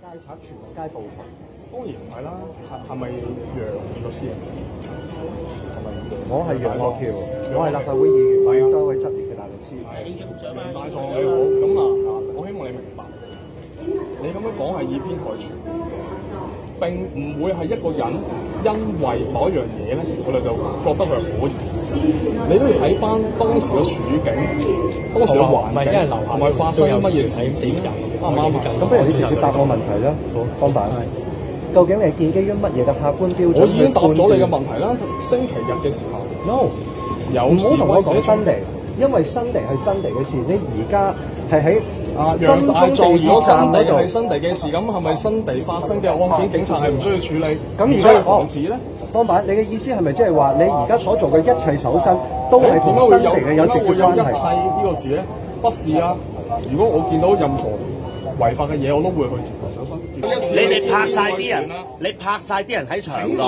街拆全街部分，當然唔係啦。係係咪楊律師？係咪、啊？我係楊岳橋，我係立法會議員，係多、啊、位執業嘅大律師。係要錄像咩？唔買好。咁啊，啊，啊，啊，我希望你明白，啊、你咁樣講係以偏概全。並唔會係一個人因為某一樣嘢咧，我哋就覺得佢係可疑。你都要睇翻當時嘅處境，當時嘅環境。唔係因為樓下發生乜嘢事情？點人？啱唔啱？咁、啊、不如你直接答我問題啦。好，方法。究竟你係建基於乜嘢嘅客觀標準？我已經答咗你嘅問題啦。星期日嘅時候。No。有時。唔好同我講新地，因為新地係新地嘅事。你而家係喺。啊！金鐘地盤底就係新地嘅事，咁係咪新地發生嘅案件，警察係唔需要處理？咁如果防止咧？當晚你嘅意思係咪即係話，你而家所做嘅一切搜身，都身，都係同新地嘅有直接關一切個事呢個字咧？不是啊！如果我見到任何違法嘅嘢，我都會去接台搜身。你哋拍晒啲人，啊？你拍晒啲人喺牆度，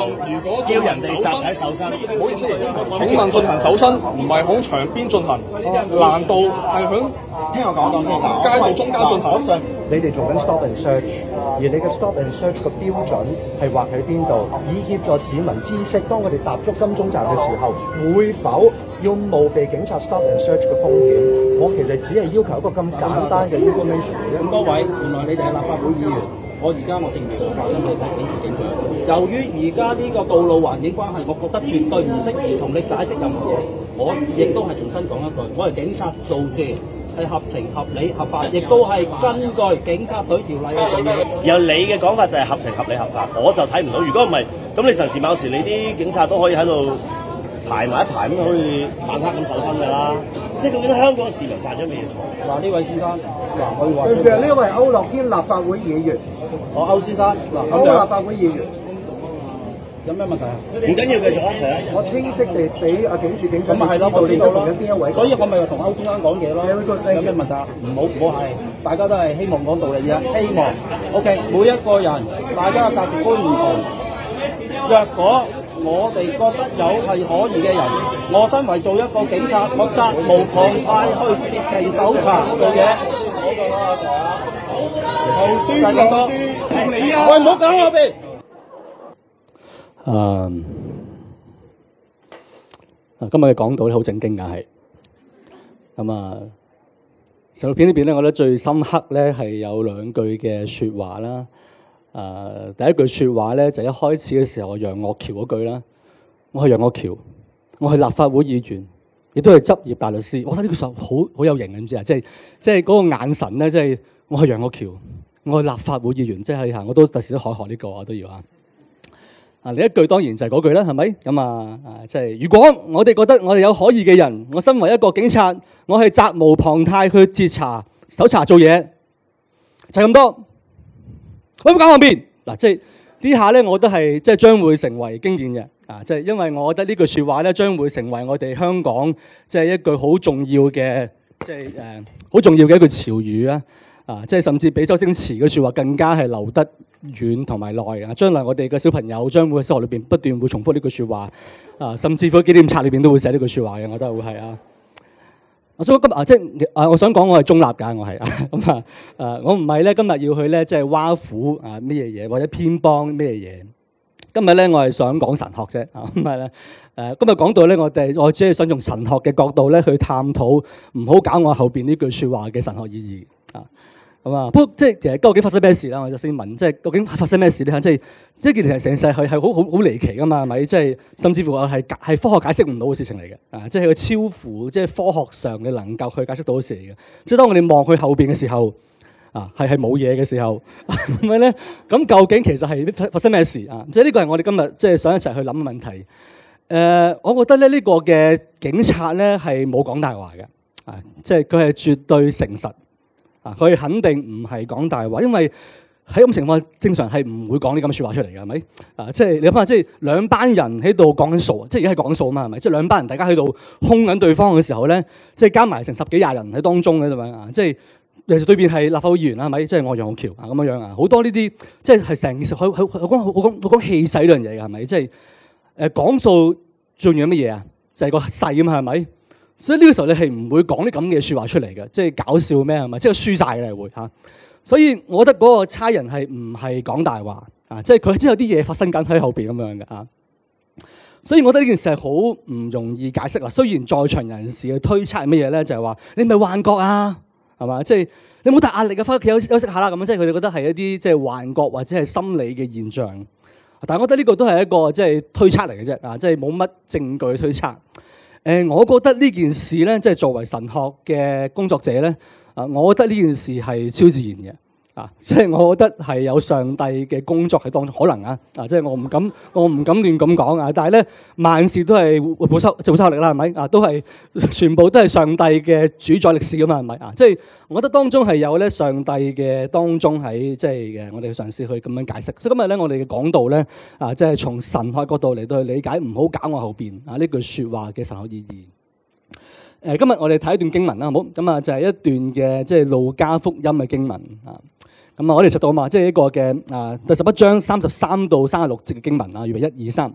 叫人哋集體搜身。唔好意思，請問進行搜身唔係響場邊進行？啊、難道係響？ 聽我講講先，街道中間進口上，嗯嗯、你哋做緊 stop and search，而你嘅 stop and search 嘅標準係劃喺邊度，以協助市民知識，當我哋踏足金鐘站嘅時候，會否用冒被警察 stop and search 嘅風險？我其實只係要求一個咁簡單嘅 information。咁、嗯、多、嗯嗯、位，原來你哋係立法會議員，我而家我成年發生咗警次警長？由於而家呢個道路環境關係，我覺得絕對唔適宜同你解釋任何嘢。我亦都係重新講一句，我係警察做事。係合情合理合法，亦都係根據警察隊條例。由你嘅講法就係合情合理合法，我就睇唔到。如果唔係，咁你成時某時你啲警察都可以喺度排埋一排咁，可以反黑咁守身㗎啦。即係究竟香港市民犯咗咩嘢錯？嗱，呢位先生，嗱，可以話。對唔住，呢位歐樂堅立法會議員。哦，歐先生，歐立法會議員。有咩問題啊？唔緊要嘅，我清晰地俾阿警署警長講道理到嚟緊邊一位？所以我咪話同歐先生講嘢咯。有咩問題？唔好，我係大家都係希望講道理嘅，希望。OK，每一個人，大家嘅價值觀唔同。若果我哋覺得有係可疑嘅人，我身為做一個警察，我責無旁貸去截其搜查做嘢。好舒服啊！喂，唔好搞我邊。Um, 嗯、啊！今日講到咧好正經噶，係咁啊！成片呢邊咧，我覺得最深刻咧係有兩句嘅說話啦、啊。第一句說話咧就是、一開始嘅時候，楊岳橋嗰句啦：我係楊岳橋，我係立法會議員，亦都係執業大律師。我睇呢句實好好有型你知啊，即係即係嗰個眼神咧，即、就、係、是、我係楊岳橋，我係立法會議員，即、就、係、是、我都特時都學學呢、這個啊，我都要啊！啊！你一句當然就係嗰句啦，係咪？咁啊，啊，即係如果我哋覺得我哋有可疑嘅人，我身為一個警察，我係責無旁貸去截查、搜查做嘢，就咁多。我唔講後面嗱，即係呢下咧，我都係即係將會成為經典嘅啊！即係因為我覺得呢句説話咧，將會成為我哋香港即係一句好重要嘅即係誒好重要嘅一句潮語啊！啊，即係甚至比周星馳嘅説話更加係留得。遠同埋耐啊！將來我哋嘅小朋友將會喺小學裏邊不斷會重複呢句說話啊，甚至乎紀念冊裏邊都會寫呢句說話嘅，我覺得會係啊。我想今日即係啊，我想講我係中立噶我係啊咁啊誒，我唔係咧今日要去咧即係挖苦啊咩嘢嘢，或者偏幫咩嘢嘢。今日咧我係想講神學啫啊，咁啊咧誒，今日講到咧我哋我只係想用神學嘅角度咧去探討，唔好搞我後邊呢句說話嘅神學意義啊。係嘛？不過即係其實究竟發生咩事啦？我就先問，即係究竟發生咩事咧？即係即係其實成世係係好好好離奇噶嘛？係咪？即係甚至乎係係科學解釋唔到嘅事情嚟嘅。啊，即係個超乎即係科學上嘅能夠去解釋到嘅事嚟嘅。即係當我哋望佢後邊嘅時候，啊係係冇嘢嘅時候，係咪咧？咁 究竟其實係發生咩事啊？即係呢個係我哋今日即係想一齊去諗嘅問題。誒、呃，我覺得咧呢、呢個嘅警察咧係冇講大話嘅，啊，即係佢係絕對誠實。啊！佢肯定唔係講大話，因為喺咁情況下，正常係唔會講啲咁嘅説話出嚟嘅，係咪？啊，即係你諗下，即係兩班人喺度講緊數，即係已係講數啊嘛，係咪？即係兩班人大家喺度空緊對方嘅時候咧，即係加埋成十幾廿人喺當中嘅咁樣啊！即係其實對面係立法會議員啊，咪即係楊岳橋啊咁樣樣啊！好多呢啲即係成件事，我我我講我講我講氣勢呢樣嘢嘅係咪？即係講數仲重要乜嘢啊？就係呃個勢啊嘛，係咪？所以呢個時候你係唔會講啲咁嘅説話出嚟嘅，即係搞笑咩係咪？即係輸晒嘅會嚇。所以我覺得嗰個差人係唔係講大話啊？即係佢知道啲嘢發生緊喺後邊咁樣嘅啊。所以我覺得呢件事係好唔容易解釋啦。雖然在場人士嘅推測係乜嘢咧，就係話你係咪幻覺啊？係嘛？即係你冇大壓力啊，翻屋企休息休息下啦咁。即係佢哋覺得係一啲即係幻覺或者係心理嘅現象。但係我覺得呢個都係一個即係推測嚟嘅啫啊！即係冇乜證據推測。誒，我覺得呢件事呢，即係作為神學嘅工作者呢，我覺得呢件事係超自然嘅。啊，即係我覺得係有上帝嘅工作喺當中，可能啊，啊，啊即係我唔敢，我唔敢亂咁講啊。但係咧，萬事都係保守，保守力啦，係咪啊？都係全部都係上帝嘅主宰歷史㗎嘛，係咪啊？即係我覺得當中係有咧上帝嘅當中喺即係嘅，就是、我哋嘅嘗試去咁樣解釋。所以今日咧，我哋嘅講道咧，啊，即係從神學角度嚟到去理解，唔好搞我後面啊呢句説話嘅神學意義。誒、啊，今日我哋睇一段經文啦，好咁啊，就係、是、一段嘅即係路加福音嘅經文啊。嗯、我哋讀到啊嘛，即係一個嘅啊，第十一章三十三到三十六節嘅經文啊，預備一二三。1, 2,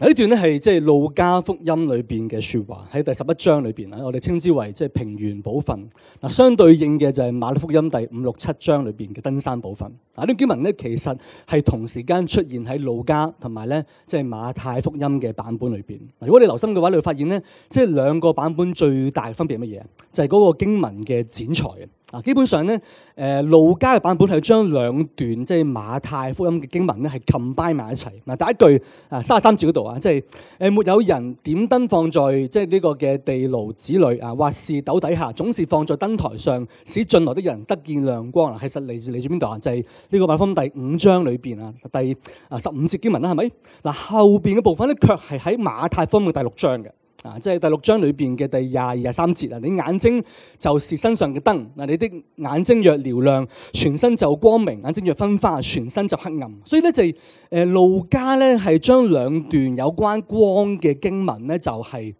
嗱，呢段咧係即係路加福音裏邊嘅說話，喺第十一章裏邊啊，我哋稱之為即係平原部分。嗱，相對應嘅就係馬太福音第五六七章裏邊嘅登山部分。嗱，呢段經文咧其實係同時間出現喺路加同埋咧即係馬太福音嘅版本裏邊。如果你留心嘅話，你會發現咧，即係兩個版本最大嘅分別係乜嘢？就係、是、嗰個經文嘅剪裁啊！基本上咧，誒路加嘅版本係將兩段即係、就是、馬太福音嘅經文咧係 combine 埋一齊。嗱，第一句啊，三十三字嗰度即係誒，沒有人點燈放在即係呢個嘅地牢子裏，啊，或是斗底下，總是放在燈台上，使進來的人得見亮光嗱。其實嚟自嚟自邊度啊？就係、是、呢、這個馬太福音第五章裏邊啊，第啊十五節經文啦，係咪？嗱後邊嘅部分咧，卻係喺馬太福音第六章嘅。啊，即係第六章裏邊嘅第廿二、廿三節啊！你眼睛就是身上嘅燈。嗱，你的眼睛若瞭亮，全身就光明；眼睛若昏花，全身就黑暗。所以咧就係、是、誒路加咧係將兩段有關光嘅經文咧就係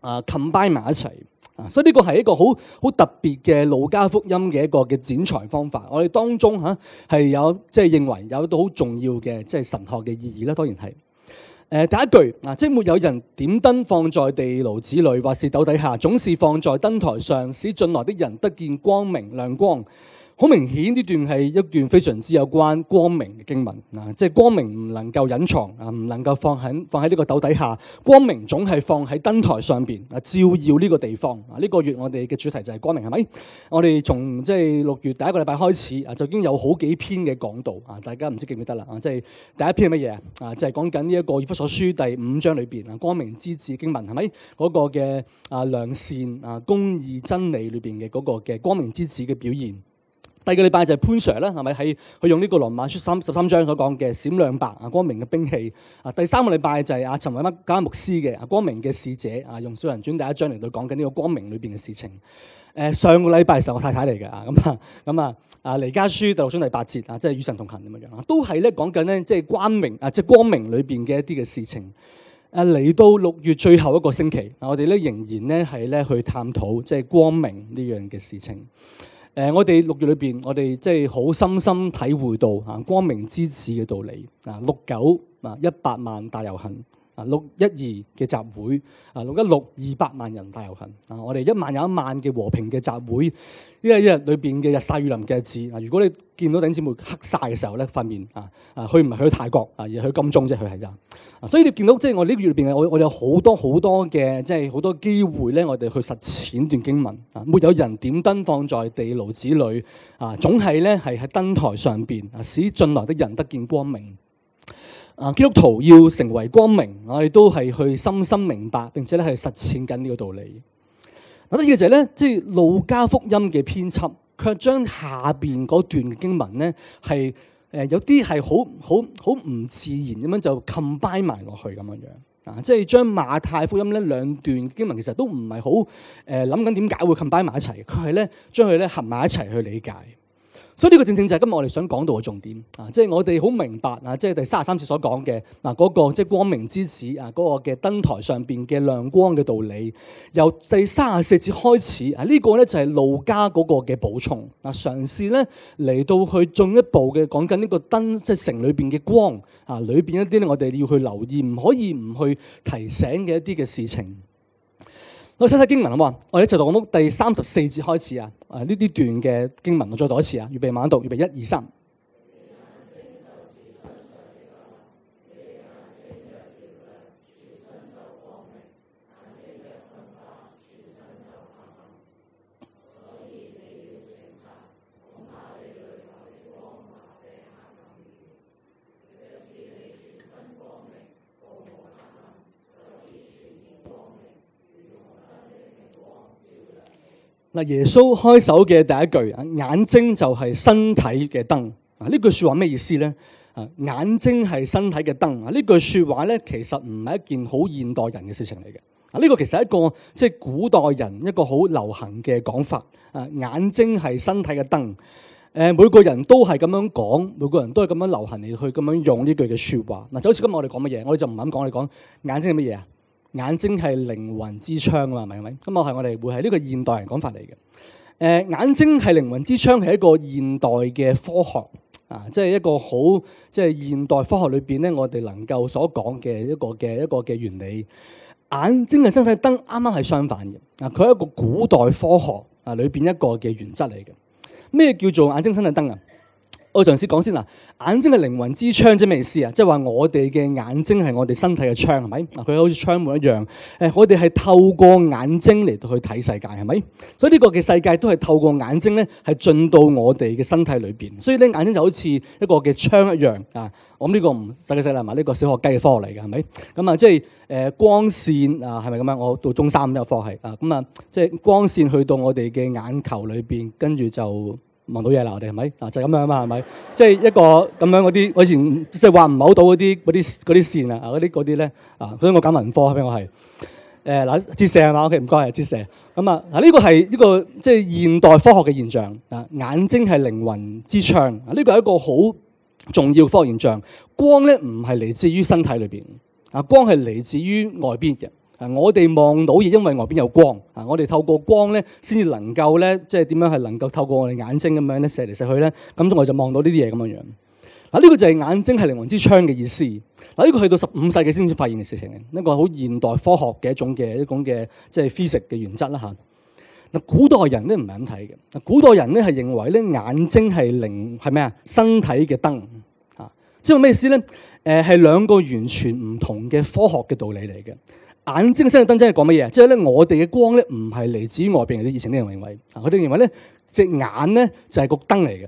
啊 combine 埋一齊。啊，所以呢個係一個好好特別嘅路加福音嘅一個嘅剪裁方法。我哋當中嚇係、啊、有即係、就是、認為有一個好重要嘅即係神學嘅意義啦，當然係。誒第一句即係沒有人點燈放在地爐子裏，或是斗底下，總是放在燈台上，使進來的人得見光明亮光。好明顯，呢段係一段非常之有關光明嘅經文啊！即係光明唔能夠隱藏啊，唔能夠放喺放喺呢個斗底下，光明總係放喺燈台上邊啊，照耀呢個地方啊。呢個月我哋嘅主題就係光明，係咪？我哋從即係六月第一個禮拜開始啊，就已經有好幾篇嘅講道啊。大家唔知記唔記得啦？啊，即係第一篇係乜嘢啊？就係講緊呢一個以弗所書第五章裏面啊，光明之子，經文係咪嗰個嘅啊，良善啊、公義、真理裏面嘅嗰個嘅光明之子嘅表現？第二個禮拜就係潘 Sir 啦，係咪？喺佢用呢個羅馬書十三章所講嘅閃亮白啊，光明嘅兵器。啊，第三個禮拜就係阿陳偉乜加牧師嘅啊，光明嘅使者啊，用小人傳第一章嚟到講緊呢個光明裏邊嘅事情。誒、呃，上個禮拜係我太太嚟嘅啊，咁啊，咁啊啊，彌迦書第六章第八節啊，即係與神同行咁樣樣，都係咧講緊咧即係光明啊，即係光明裏邊嘅一啲嘅事情。誒、啊，嚟到六月最後一個星期，嗱我哋咧仍然咧係咧去探討即係光明呢樣嘅事情。誒，我哋六月裏邊，我哋即係好深深體會到啊光明之子嘅道理啊，六九啊一百萬大遊行啊，六一二嘅集會啊，六一六二百萬人大遊行啊，我哋一萬有一萬嘅和平嘅集會，呢一一日裏邊嘅日曬雨淋嘅日子啊，如果你見到頂姊妹黑晒嘅時候咧，發面啊啊，佢唔係去泰國啊，而係去金鐘啫，佢係。所以你見到即係、就是、我呢個月入邊，我我有好多好多嘅即係好多機會咧，我哋去實踐段經文。啊，沒有人點燈放在地牢子裏，啊，總係咧係喺燈台上邊，使進來的人得見光明。啊，基督徒要成為光明，我哋都係去深深明白並且咧係實踐緊呢個道理。嗱，第二就係、是、咧，即係路加福音嘅編輯，卻將下邊嗰段經文咧係。誒、呃、有啲係好好好唔自然咁樣就 combine 埋落去咁樣樣，啊，即係將馬太福音咧兩段經文其實都唔係好誒，諗緊點解會 combine 埋一齊，佢係咧將佢咧合埋一齊去理解。所以呢個正正就係今日我哋想講到嘅重點啊，即係我哋好明白啊，即係第三十三節所講嘅嗱嗰個即係光明之子啊，嗰個嘅燈台上邊嘅亮光嘅道理，由第三十四節開始啊，呢個咧就係路加嗰個嘅補充嗱，嘗試咧嚟到去進一步嘅講緊呢個燈即係城裏邊嘅光啊，裏邊一啲咧我哋要去留意，唔可以唔去提醒嘅一啲嘅事情。我睇睇經文好冇？我哋一齊讀從第三十四節開始啊！呢段嘅經文，我，到第34開始段經文我再讀一次啊！預備慢讀，預備一二三。耶穌開首嘅第一句，眼睛就係身體嘅燈。啊，呢句說話咩意思咧？啊，眼睛係身體嘅燈。呢句說話咧，其實唔係一件好現代人嘅事情嚟嘅。啊，呢個其實係一個即係、就是、古代人一個好流行嘅講法。啊，眼睛係身體嘅燈。誒，每個人都係咁樣講，每個人都係咁樣流行嚟去咁樣用呢句嘅說話。嗱，就好似今日我哋講乜嘢，我哋就唔敢講，你哋講眼睛係乜嘢啊？眼睛係靈魂之窗啊嘛，係咪？咁啊係我哋會係呢個現代人講法嚟嘅。誒，眼睛係靈魂之窗係一個現代嘅科學啊，即係一個好即係現代科學裏邊咧，我哋能夠所講嘅一個嘅一個嘅原理。眼睛嘅身體燈啱啱係相反嘅啊，佢係一個古代科學啊裏邊一個嘅原則嚟嘅。咩叫做眼睛身體燈啊？我陣先講先嗱，眼睛係靈魂之窗即咩意思啊？即係話我哋嘅眼睛係我哋身體嘅窗係咪？嗱，佢好似窗門一樣。誒，我哋係透過眼睛嚟到去睇世界係咪？所以呢個嘅世界都係透過眼睛咧，係進到我哋嘅身體裏邊。所以咧，眼睛就好似一個嘅窗一樣啊！我呢個唔細細嚟埋呢個小學雞嘅科嚟嘅，係咪？咁啊，即係誒光線啊，係咪咁樣？我到中三呢個科係啊，咁啊，即係光線去到我哋嘅眼球裏邊，跟住就。望到嘢啦、就是就是，我哋係咪啊？就係咁樣啊嘛，係咪？即係一個咁樣嗰啲，我以前即係話唔好到嗰啲啲啲線啊，嗰啲嗰啲咧啊。所以我揀文科我，我係誒嗱折射啊嘛，OK 唔該啊，折射咁、OK，啊。嗱、這、呢個係一個即係、就是、現代科學嘅現象啊。眼睛係靈魂之窗啊，呢、這個係一個好重要的科學現象。光咧唔係嚟自於身體裏邊啊，光係嚟自於外邊嘅。啊！我哋望到，亦因為外邊有光啊！我哋透過光咧，先至能夠咧，即係點樣係能夠透過我哋眼睛咁樣咧射嚟射去咧。咁我就望到呢啲嘢咁樣樣嗱。呢個就係眼睛係靈魂之窗嘅意思嗱。呢個去到十五世紀先至發現嘅事情，一個好現代科學嘅一種嘅一種嘅即係 physics 嘅原則啦。嚇嗱，古代人都唔係咁睇嘅嗱。古代人咧係認為咧眼睛係靈係咩啊？身體嘅燈啊，即係咩意思咧？誒係兩個完全唔同嘅科學嘅道理嚟嘅。眼睛嘅生日燈真係講乜嘢，即係咧，就是、我哋嘅光咧唔係嚟自於外邊，啲以前啲人認為啊，佢哋認為咧隻眼咧就係個燈嚟嘅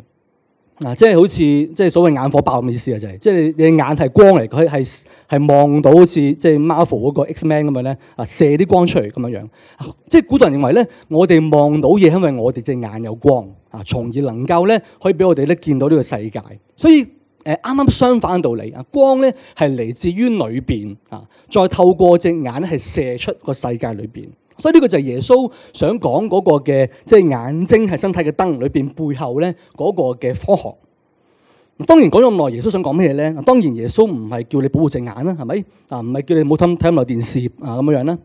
啊，即、就、係、是、好似即係所謂眼火爆嘅意思啊，就係即係你眼係光嚟，佢係係望到好似即係 Marvel 嗰個 X-Men 咁樣咧啊，射啲光出嚟咁樣樣，即係古人認為咧，我哋望到嘢係因為我哋隻眼有光啊，從而能夠咧可以俾我哋咧見到呢個世界，所以。誒，啱啱相反道理啊，光咧係嚟自於裏邊啊，再透過隻眼係射出個世界裏邊，所以呢個就係耶穌想講嗰個嘅，即係眼睛係身體嘅燈裏邊背後咧嗰個嘅科學。當然講咗咁耐，耶穌想講咩咧？當然耶穌唔係叫你保護隻眼啦，係咪？啊，唔係叫你冇睇睇咁耐電視啊，咁樣樣啦。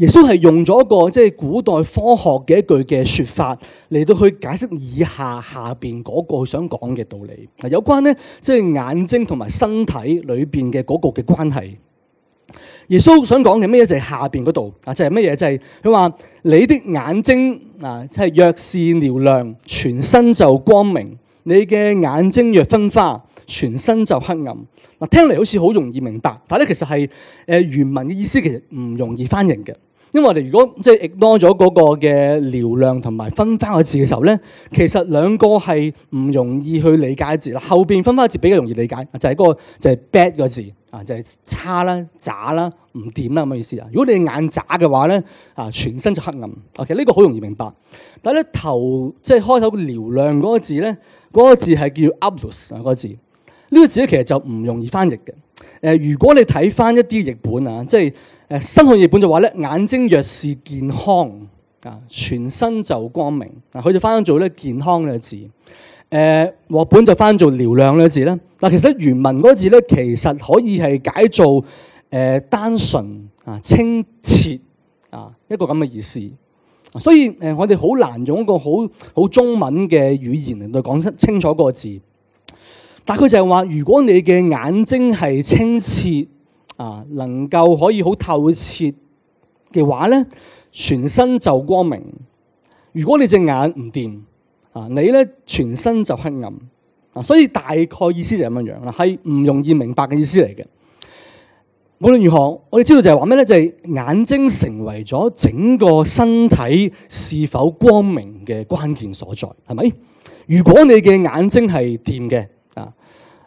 耶穌係用咗個即係古代科學嘅一句嘅説法嚟到去解釋以下下邊嗰個想講嘅道理。嗱，有關呢，即係眼睛同埋身體裏邊嘅嗰個嘅關係。耶穌想講嘅咩嘢？就係下邊嗰度啊，就係咩嘢就係佢話你的眼睛啊，即係若是瞭亮，全身就光明；你嘅眼睛若昏花，全身就黑暗。嗱、啊，聽嚟好似好容易明白，但係咧其實係誒、呃、原文嘅意思其實唔容易翻譯嘅。因為你如果即係 ignore 咗嗰個嘅嘹亮同埋分翻個字嘅時候咧，其實兩個係唔容易去理解字啦。後邊分翻個字比較容易理解，就係、是、嗰個就係 bad 個字啊，就係、是、差啦、渣啦、唔掂啦咁嘅意思啊。如果你眼渣嘅話咧，啊全身就黑暗 OK。其實呢個好容易明白，但係咧頭即係、就是、開頭嘹亮嗰個字咧，嗰個字係叫 abs 啊，嗰個字呢、那個字個，字這個字其實就唔容易翻譯嘅、呃。如果你睇翻一啲譯本啊，即係。誒新漢語譯本就話咧，眼睛若是健康啊，全身就光明。嗱，佢就翻做咧健康呢個字。誒、呃、和本就翻做嘹亮呢個字咧。嗱，其實原文嗰個字咧，其實可以係解做誒、呃、單純啊、清澈啊一個咁嘅意思。所以誒、呃，我哋好難用一個好好中文嘅語言嚟講清清楚嗰個字。但係佢就係話，如果你嘅眼睛係清澈。啊，能夠可以好透徹嘅話咧，全身就光明。如果你隻眼唔掂啊，你咧全身就黑暗啊。所以大概意思就係咁樣樣啦，係唔容易明白嘅意思嚟嘅。無論如何，我哋知道就係話咩咧，就係、是、眼睛成為咗整個身體是否光明嘅關鍵所在，係咪？如果你嘅眼睛係掂嘅啊，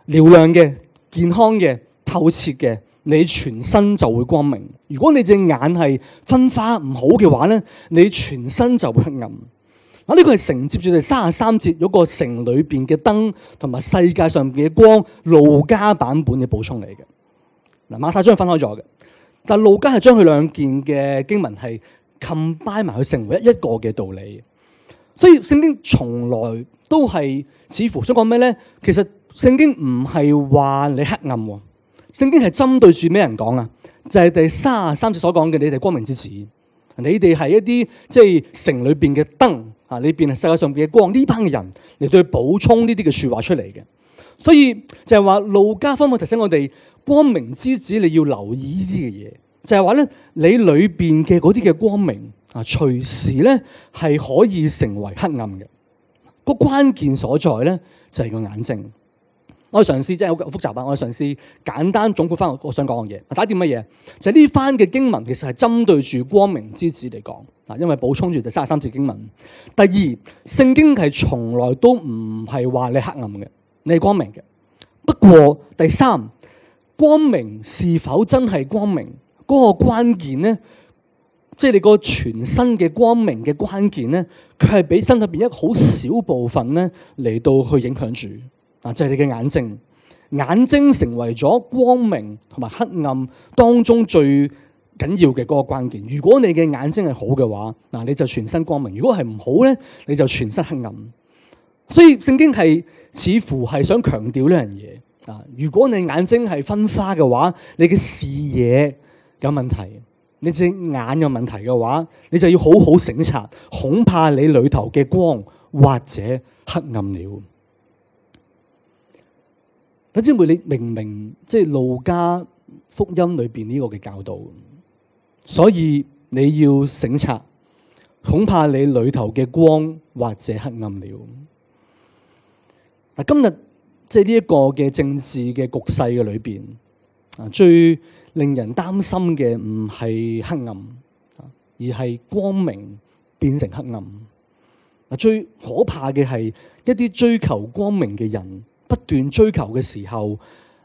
嘹亮嘅、健康嘅、透徹嘅。你全身就會光明。如果你隻眼係分化唔好嘅話咧，你全身就會黑暗。嗱，呢個係承接住第三十三節嗰個城裏邊嘅燈，同埋世界上邊嘅光，路加版本嘅補充嚟嘅。嗱，馬太將佢分開咗嘅，但路加係將佢兩件嘅經文係 combine 埋，佢成為一一個嘅道理。所以聖經從來都係，似乎想講咩咧？其實聖經唔係話你黑暗。聖經係針對住咩人講啊？就係第三十三節所講嘅，你哋光明之子，你哋係一啲即係城裏邊嘅燈啊，你哋係世界上邊嘅光，呢班人嚟到補充呢啲嘅説話出嚟嘅。所以就係話路加福音提醒我哋，光明之子你要留意呢啲嘅嘢，就係話咧，你裏邊嘅嗰啲嘅光明啊，隨時咧係可以成為黑暗嘅。個關鍵所在咧就係個眼睛。我嘅上司真係好複雜啊！我嘅上司簡單總括翻我想講嘅嘢。第一點乜嘢？就係呢番嘅經文其實係針對住光明之子嚟講啊，因為補充住第三十三節經文。第二，聖經係從來都唔係話你黑暗嘅，你係光明嘅。不過第三，光明是否真係光明？嗰個關鍵咧，即係你個全身嘅光明嘅關鍵咧，佢係俾身裏邊一個好少部分咧嚟到去影響住。嗱，就係、是、你嘅眼睛，眼睛成為咗光明同埋黑暗當中最緊要嘅嗰個關鍵。如果你嘅眼睛係好嘅話，嗱，你就全身光明；如果係唔好咧，你就全身黑暗。所以聖經係似乎係想強調呢樣嘢。啊，如果你的眼睛係分花嘅話，你嘅視野有問題，你隻眼有問題嘅話，你就要好好省察，恐怕你裏頭嘅光或者黑暗了。嗱，姊妹你明明即係路加福音裏邊呢個嘅教導，所以你要省察，恐怕你裏頭嘅光或者黑暗了。嗱，今日即係呢一個嘅政治嘅局勢嘅裏邊，啊，最令人擔心嘅唔係黑暗，而係光明變成黑暗。最可怕嘅係一啲追求光明嘅人。不斷追求嘅時候，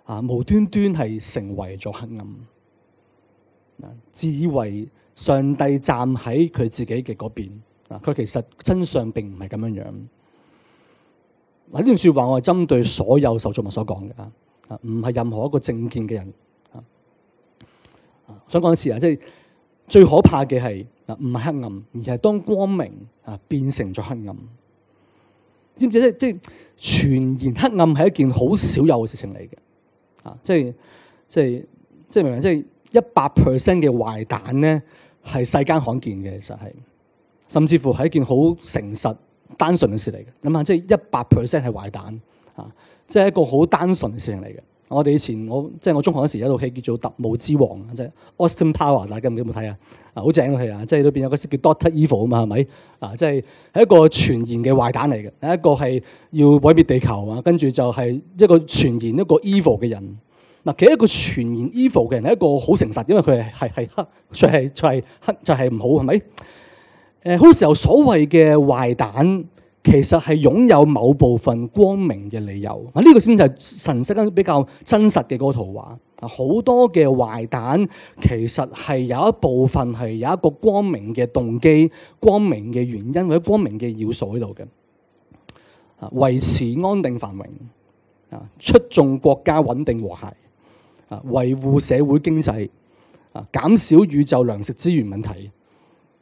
啊，無端端係成為咗黑暗，自以為上帝站喺佢自己嘅嗰邊，啊，佢其實真相並唔係咁樣樣。嗱，呢段話說話我係針對所有受造物所講嘅啊，啊，唔係任何一個政見嘅人啊。想講一次啊，即係最可怕嘅係啊，唔係黑暗，而係當光明啊變成咗黑暗。知唔知咧？即係全然黑暗係一件好少有嘅事情嚟嘅，啊！即係即係即係明明，即係一百 percent 嘅壞蛋咧，係世間罕見嘅，其實係，甚至乎係一件好誠實、單純嘅事嚟嘅。咁啊，即係一百 percent 係壞蛋啊！即係一個好單純嘅事情嚟嘅。我哋以前我即係我中學嗰時候有套戲叫做《特務之王》，即係 Austin Power，大家唔記得有冇睇啊？啊，好正嘅戲啊！即係裏邊有個叫 Doctor Evil 啊嘛，係咪？啊，即係係一個全然嘅壞蛋嚟嘅，係一個係要毀滅地球啊！跟住就係一個全然一個 evil 嘅人。嗱，其實一個全然 evil 嘅人係一個好誠實，因為佢係係黑，就係就係黑，就係唔好，係咪？誒，好多時候所謂嘅壞蛋。其實係擁有某部分光明嘅理由，啊呢、呢個先就係神識間比較真實嘅嗰個圖畫。啊，好多嘅壞蛋其實係有一部分係有一個光明嘅動機、光明嘅原因或者光明嘅要素喺度嘅。啊，維持安定繁榮，啊出眾國家穩定和諧，啊維護社會經濟，啊減少宇宙糧食資源問題，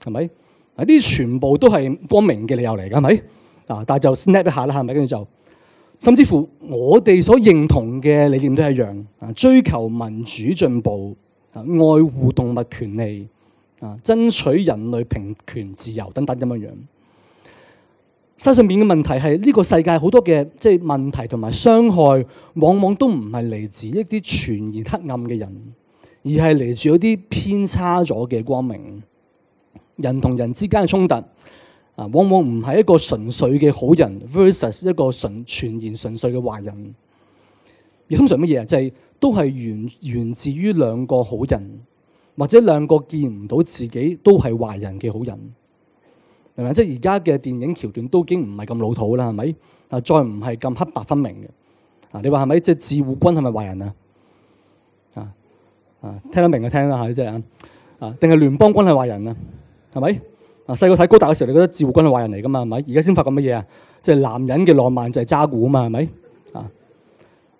係咪？啊呢全部都係光明嘅理由嚟嘅，係咪？啊！但係就 snap 一下啦，係咪？跟住就，甚至乎我哋所認同嘅理念都係一樣，啊，追求民主進步啊，愛護動物權利啊，爭取人類平權自由等等咁樣樣。身上面嘅問題是，係、這、呢個世界好多嘅即係問題同埋傷害，往往都唔係嚟自一啲傳言黑暗嘅人，而係嚟自嗰啲偏差咗嘅光明。人同人之間嘅衝突。啊，往往唔係一個純粹嘅好人 versus 一個純全然純粹嘅壞人，而通常乜嘢啊？就係、是、都係源源自於兩個好人，或者兩個見唔到自己都係壞人嘅好人，明唔明？即係而家嘅電影橋段都已經唔係咁老土啦，係咪？啊，再唔係咁黑白分明嘅，啊，你話係咪？即係自護軍係咪壞人啊？啊啊，聽得明就聽啦嚇，即係啊，啊，定係聯邦軍係壞人啊？係咪？啊！細個睇高達嘅時候，你覺得自護軍係壞人嚟噶嘛？係咪而家先發覺乜嘢啊？即係男人嘅浪漫就係渣古啊？嘛係咪啊？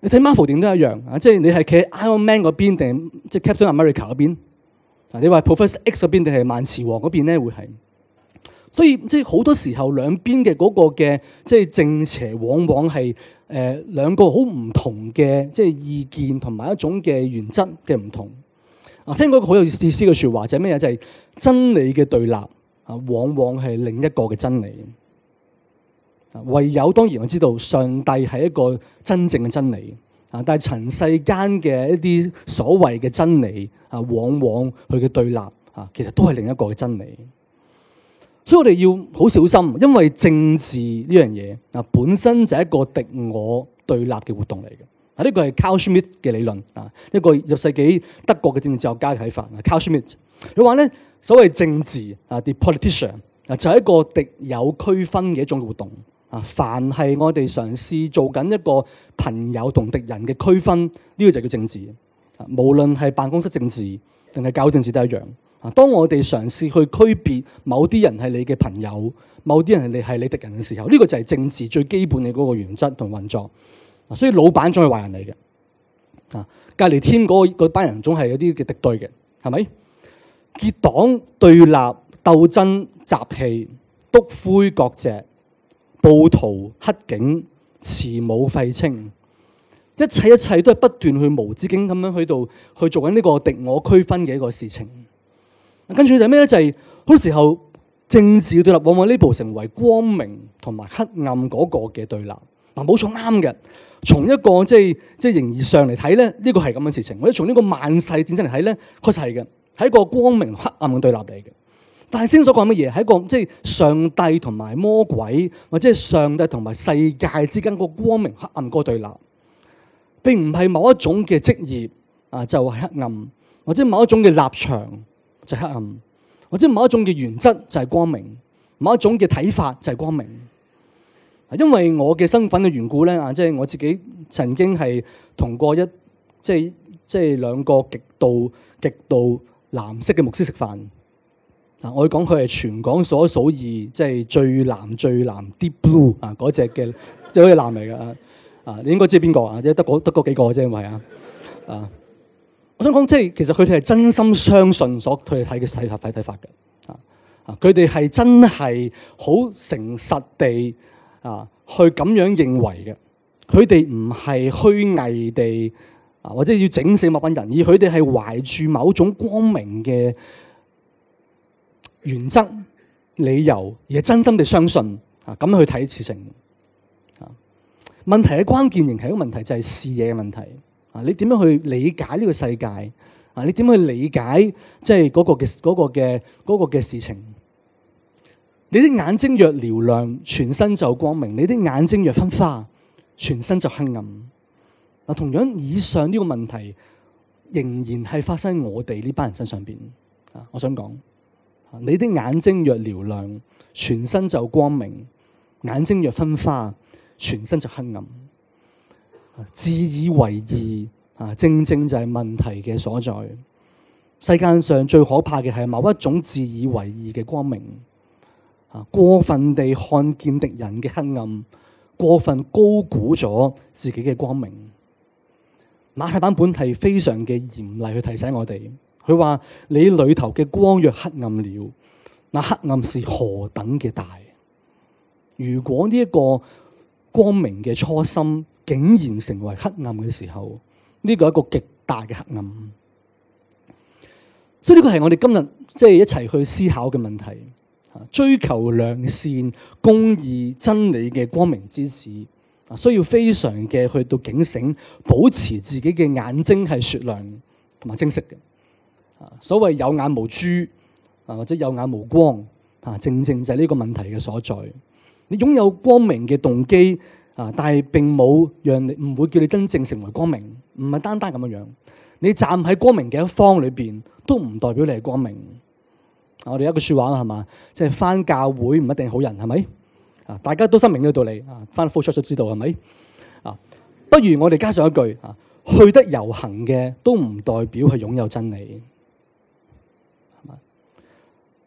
你睇 Marvel 點都一樣啊！即係你係企喺 Iron Man 嗰邊，定即係 Captain America 嗰邊啊？你話 Professor X 嗰邊定係萬磁王嗰邊咧？會係所以即係好多時候兩邊嘅嗰個嘅即係正邪，往往係誒兩個好唔同嘅即係意見同埋一種嘅原則嘅唔同啊！聽過一個好有意思嘅説話就係乜嘢？就係真理嘅對立。啊，往往係另一個嘅真理。唯有當然我知道上帝係一個真正嘅真理。啊，但係塵世間嘅一啲所謂嘅真理，啊，往往佢嘅對立，啊，其實都係另一個嘅真理。所以我哋要好小心，因為政治呢樣嘢啊，本身就係一個敵我對立嘅活動嚟嘅。啊，呢個係 Carl Schmitt 嘅理論啊，一個入世紀德國嘅政治哲學家嘅睇法啊 Carl Schmitt 你話咧，所謂政治啊，the politician 啊，就係一個敵友區分嘅一種活動啊。凡係我哋嘗試做緊一個朋友同敵人嘅區分，呢個就叫政治。無論係辦公室政治定係搞政治都一樣啊。當我哋嘗試去區別某啲人係你嘅朋友，某啲人係你係你敵人嘅時候，呢個就係政治最基本嘅嗰個原則同運作啊。所以老闆總係壞人嚟嘅啊，隔離添嗰個嗰班人總係有啲叫敵對嘅，係咪？結黨對立、鬥爭、集氣、篤灰國者、暴徒、黑警、慈母、廢青，一切一切都係不斷去無止境咁樣去到去做緊呢個敵我區分嘅一個事情。跟住就係咩咧？就係、是、好多時候政治嘅對立往往呢步成為光明同埋黑暗嗰個嘅對立。嗱，冇錯啱嘅，從一個即係即係形而上嚟睇咧，呢、這個係咁嘅事情；或者從呢個萬世戰爭嚟睇咧，確實係嘅。係一個光明黑暗嘅對立嚟嘅，大係所講乜嘢？係一個即係、就是、上帝同埋魔鬼，或者係上帝同埋世界之間個光明黑暗嗰個對立，並唔係某一種嘅職業啊就係、是、黑暗，或者某一種嘅立場就是、黑暗，或者某一種嘅原則就係光明，某一種嘅睇法就係光明。因為我嘅身份嘅緣故咧啊，即、就、係、是、我自己曾經係同過一即係即係兩個極度極度。極度藍色嘅牧師食飯啊！我要講佢係全港所數二，即係最藍最藍啲。Deep Blue 啊、 嗰個！嗰隻嘅即係好似藍嚟噶啊！你應該知邊個啊？即係得嗰得嗰幾個啫，係咪啊？啊！我想講即係其實佢哋係真心相信所佢哋睇嘅睇法睇睇法嘅啊啊！佢哋係真係好誠實地啊去咁樣認為嘅，佢哋唔係虛偽地。或者要整死某班人，而佢哋係懷住某種光明嘅原則、理由，而係真心地相信啊，咁去睇事情。啊，問題嘅關鍵仍係一個問題，就係視野嘅問題。啊，你點樣去理解呢個世界？啊，你點去理解即係嗰個嘅、那個嘅、那個嘅、那個、事情？你的眼睛若嘹亮，全身就光明；你的眼睛若昏花，全身就黑暗。嗱，同樣以上呢個問題仍然係發生喺我哋呢班人身上邊啊！我想講，你的眼睛若瞭亮，全身就光明；眼睛若昏花，全身就黑暗。自以為義啊，正正就係問題嘅所在。世界上最可怕嘅係某一種自以為義嘅光明啊，過分地看見敵人嘅黑暗，過分高估咗自己嘅光明。馬太版本係非常嘅嚴厲去提醒我哋，佢話，你裏頭嘅光若黑暗了，那黑暗是何等嘅大？如果呢一個光明嘅初心竟然成為黑暗嘅時候，呢個係一個極大嘅黑暗。所以呢個係我哋今日即係一齊去思考嘅問題，追求良善、公義、真理嘅光明之子。啊，需要非常嘅去到警醒，保持自己嘅眼睛係雪亮同埋清晰嘅。啊，所謂有眼無珠啊，或者有眼無光啊，正正就係呢個問題嘅所在。你擁有光明嘅動機啊，但係並冇讓你唔會叫你真正成為光明，唔係單單咁嘅樣。你站喺光明嘅一方裏邊，都唔代表你係光明。我哋有一句說話啦，係嘛，即係返教會唔一定係好人，係咪？啊！大家都心明呢個道理啊，翻 Flow Church 都知道係咪？啊，不如我哋加上一句啊：去得遊行嘅都唔代表係擁有真理。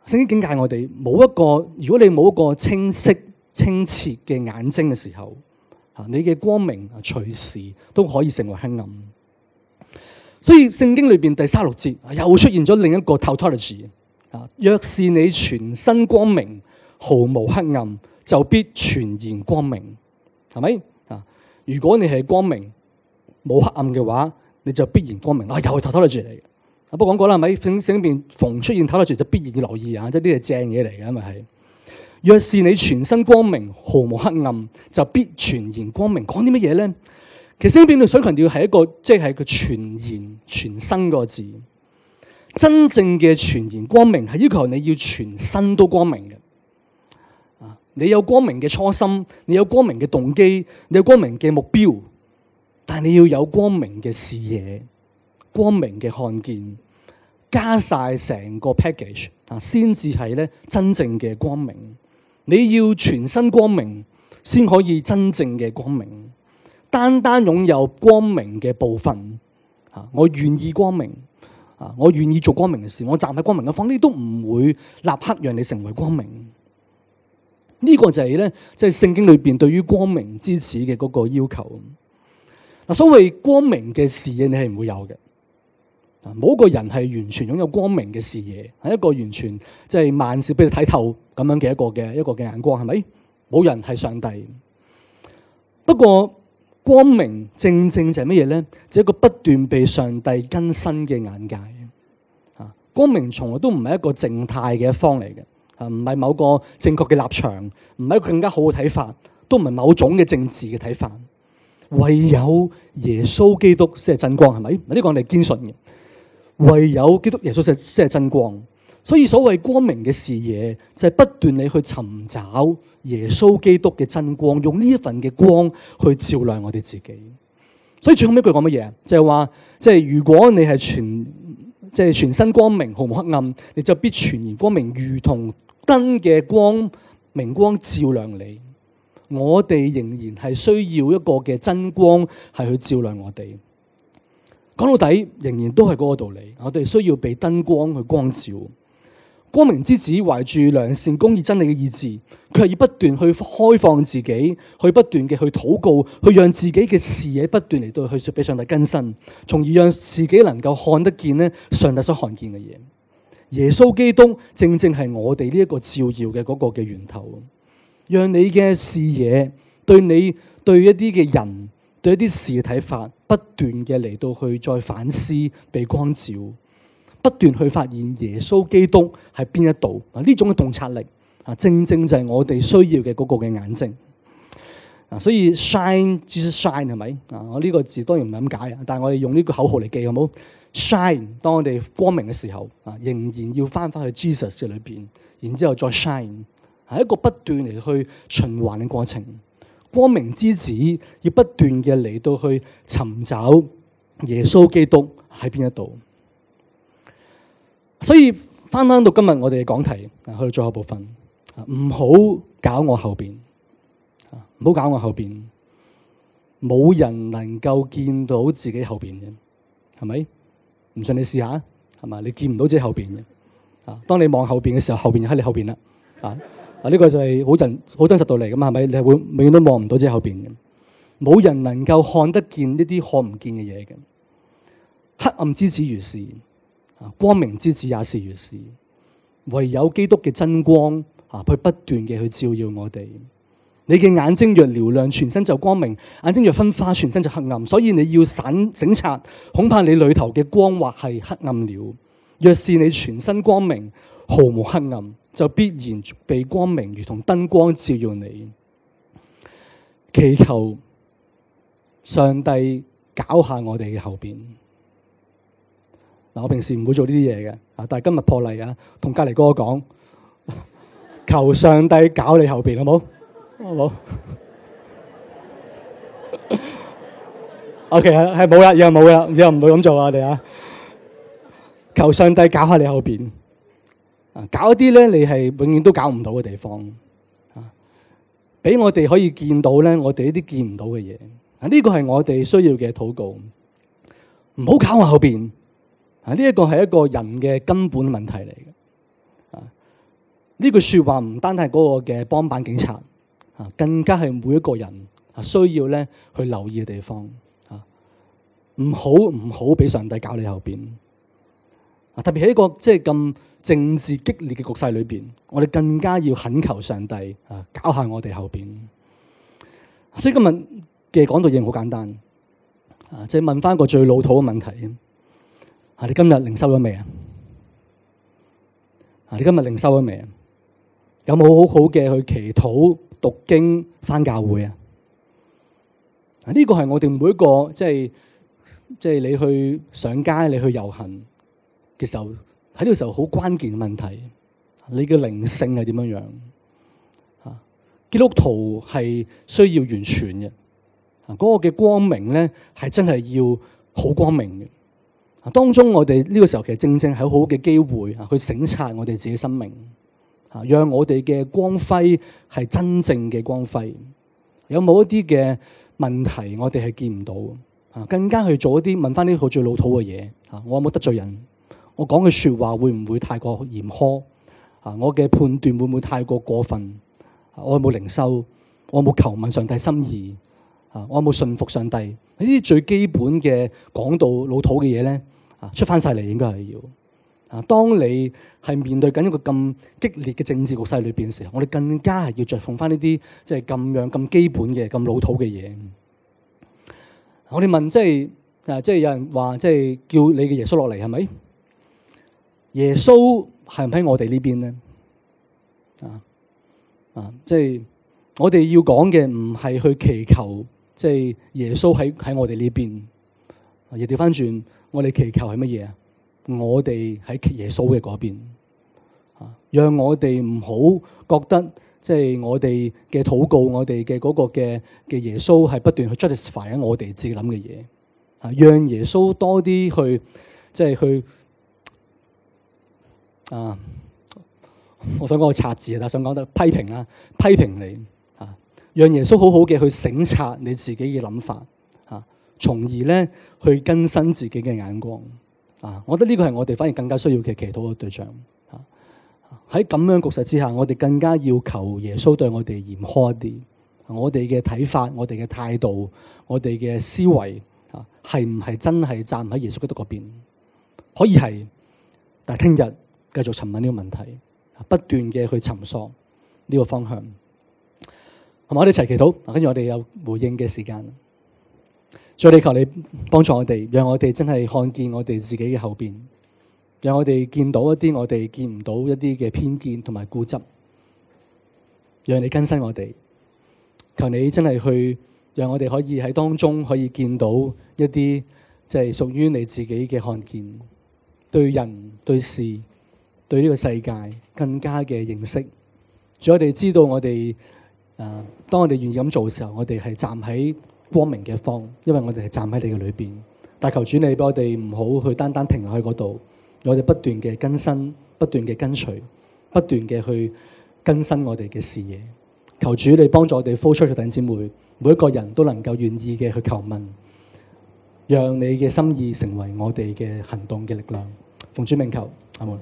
聖經警戒我哋，冇一個如果你冇一個清晰、清澈嘅眼睛嘅時候，啊，你嘅光明隨時都可以成為黑暗。所以聖經裏邊第三六節又出現咗另一個 totality。啊，若是你全身光明，毫無黑暗。就必全然光明，係咪啊？如果你係光明，冇黑暗嘅話，你就必然光明。嗱、哎，又係偷偷地住你。啊，不過講過啦，係咪？聖經裏邊逢出現偷偷住，就必然要留意啊，即係呢啲係正嘢嚟嘅，因為係。若是你全身光明，毫無黑暗，就必全然光明。講啲乜嘢咧？其實聖經裏想強調係一個，即、就、係、是、個全然、全身個字。真正嘅全然光明係要求你要全身都光明嘅。你有光明嘅初心，你有光明嘅動機，你有光明嘅目標，但你要有光明嘅視野，光明嘅看見，加晒成個 package 啊，先至係咧真正嘅光明。你要全身光明，先可以真正嘅光明。單單擁有光明嘅部分啊，我願意光明啊，我願意做光明嘅事，我站喺光明嘅方，呢都唔會立刻讓你成為光明。呢個就係咧，即係聖經裏邊對於光明之子嘅嗰個要求。嗱，所謂光明嘅視野，你係唔會有嘅。冇個人係完全擁有光明嘅視野，係一個完全即係萬事俾你睇透咁樣嘅一個嘅一個嘅眼光，係咪？冇人係上帝。不過光明正正就係乜嘢咧？就係一個不斷被上帝更新嘅眼界。啊，光明從來都唔係一個靜態嘅一方嚟嘅。啊，唔係某個正確嘅立場，唔係一個更加好嘅睇法，都唔係某種嘅政治嘅睇法。唯有耶穌基督先係真光，係咪？呢、這個我哋堅信嘅。唯有基督耶穌先係真光。所以所謂光明嘅視野，就係、是、不斷你去尋找耶穌基督嘅真光，用呢一份嘅光去照亮我哋自己。所以最後尾句講乜嘢啊？就係、是、話，即係如果你係全，即、就是、全身光明，毫無黑暗，你就必全然光明，如同。真嘅光明光照亮你，我哋仍然係需要一個嘅真光係去照亮我哋。講到底，仍然都係嗰個道理，我哋需要被燈光去光照。光明之子懷住良善、公義、真理嘅意志，佢係要不斷去開放自己，去不斷嘅去禱告，去讓自己嘅視野不斷嚟到去俾上帝更新，從而讓自己能夠看得見咧上帝所看見嘅嘢。耶穌基督正正係我哋呢一個照耀嘅嗰個嘅源頭，讓你嘅視野對你對一啲嘅人對一啲事嘅睇法不斷嘅嚟到去再反思被光照，不斷去發現耶穌基督係邊一度啊！呢種嘅洞察力啊，正正就係我哋需要嘅嗰個嘅眼睛啊！所以 shine Jesus shine 係咪啊？我呢個字當然唔係咁解啊，但係我哋用呢個口號嚟記好唔好？shine，當我哋光明嘅時候，啊，仍然要翻返去 Jesus 嘅裏邊，然之後再 shine，係一個不斷嚟去循環嘅過程。光明之子要不斷嘅嚟到去尋找耶穌基督喺邊一度。所以翻返到今日我哋嘅講題，去到最後部分，唔好搞我後邊，唔好搞我後邊，冇人能夠見到自己後邊嘅，係咪？唔信你試下，係嘛？你見唔到自己後邊嘅。啊，當你望後邊嘅時候，後邊就喺你後邊啦。啊，啊呢、呢個就係好真好真實道理嚟㗎嘛，係咪？你係會永遠都望唔到自己後邊嘅。冇人能夠看得見呢啲看唔見嘅嘢嘅。黑暗之子如是，啊，光明之子也是如是。唯有基督嘅真光，啊，佢不斷嘅去照耀我哋。你嘅眼睛若嘹亮，全身就光明；眼睛若昏花，全身就黑暗。所以你要省整察，恐怕你裏頭嘅光或係黑暗了。若是你全身光明，毫無黑暗，就必然被光明如同燈光照耀你。祈求上帝搞下我哋嘅後邊嗱，我平時唔會做呢啲嘢嘅啊，但係今日破例啊，同隔籬哥講，求上帝搞你後邊好唔好？好 ，OK，係冇啦，又冇啦，又唔好咁做啊！我哋啊，求上帝搞下你後邊，啊，搞一啲咧，你係永遠都搞唔到嘅地方，啊，俾我哋可以見到咧，我哋呢啲見唔到嘅嘢，啊，呢個係我哋需要嘅禱告，唔好搞我後邊，啊，呢一個係一個人嘅根本問題嚟嘅，啊，呢句說話唔單係嗰個嘅幫辦警察。更加係每一個人啊，需要咧去留意嘅地方啊，唔好唔好俾上帝搞你後邊啊！特別喺一個即係咁政治激烈嘅局勢裏邊，我哋更加要懇求上帝啊，搞下我哋後邊。所以今日嘅講道亦好簡單啊，即係問翻一個最老土嘅問題啊！你今日靈修咗未啊？啊！你今日靈修咗未啊？有冇好好嘅去祈禱？讀經返教會啊！呢個係我哋每一個，即係即係你去上街、你去遊行嘅時候，喺呢個時候好關鍵嘅問題，你嘅靈性係點樣樣？啊，基督徒係需要完全嘅，嗰個嘅光明咧係真係要好光明嘅。啊，當中我哋呢個時候其實正正係好好嘅機會啊，去省察我哋自己的生命。啊！讓我哋嘅光輝係真正嘅光輝，有冇一啲嘅問題我哋係見唔到？啊，更加去做一啲問翻呢個最老土嘅嘢。啊，我有冇得罪人？我講嘅說話會唔會太過嚴苛？啊，我嘅判斷會唔會太過過分？我有冇靈修？我有冇求問上帝心意？啊，我有冇信服上帝？呢啲最基本嘅講到老土嘅嘢咧，啊，出翻晒嚟應該係要。啊！當你係面對緊一個咁激烈嘅政治局勢裏邊嘅時候，我哋更加係要着重翻呢啲即係咁樣咁基本嘅、咁老土嘅嘢。我哋問即係啊，即係有人話即係叫你嘅耶穌落嚟係咪？耶穌係唔喺我哋呢邊咧？啊啊！即係我哋要講嘅唔係去祈求，即係耶穌喺喺我哋呢邊。而調翻轉，我哋祈求係乜嘢啊？我哋喺耶穌嘅嗰邊，啊，讓我哋唔好覺得即係我哋嘅禱告，我哋嘅嗰個嘅嘅耶穌係不斷去 justify 緊我哋自己諗嘅嘢，啊，讓耶穌多啲去即係去啊，我想講個插字啊，想講得批評啦，批評你啊，讓耶穌好好嘅去省察你自己嘅諗法啊，從而咧去更新自己嘅眼光。啊！我覺得呢個係我哋反而更加需要嘅祈禱嘅對象。喺咁樣嘅局勢之下，我哋更加要求耶穌對我哋嚴苛一啲。我哋嘅睇法、我哋嘅態度、我哋嘅思維，係唔係真係站喺耶穌嘅度嗰邊？可以係，但係聽日繼續尋問呢個問題，不斷嘅去尋索呢個方向，同埋我哋一齊祈禱。跟住我哋有回應嘅時間。所以你求你幫助我哋，讓我哋真係看見我哋自己嘅後邊，讓我哋見到一啲我哋見唔到一啲嘅偏見同埋固執，讓你更新我哋。求你真係去，讓我哋可以喺當中可以見到一啲，即係屬於你自己嘅看見，對人、對事、對呢個世界更加嘅認識。仲有我哋知道我哋，誒、啊，當我哋願意咁做嘅時候，我哋係站喺。光明嘅一方，因為我哋係站喺你嘅裏邊，但求主你俾我哋唔好去單單停留喺嗰度，我哋不斷嘅更新，不斷嘅跟隨，不斷嘅去更新我哋嘅視野。求主你幫助我哋，flow church 弟兄姊妹每一個人都能夠願意嘅去求問，讓你嘅心意成為我哋嘅行動嘅力量。奉主命求阿門。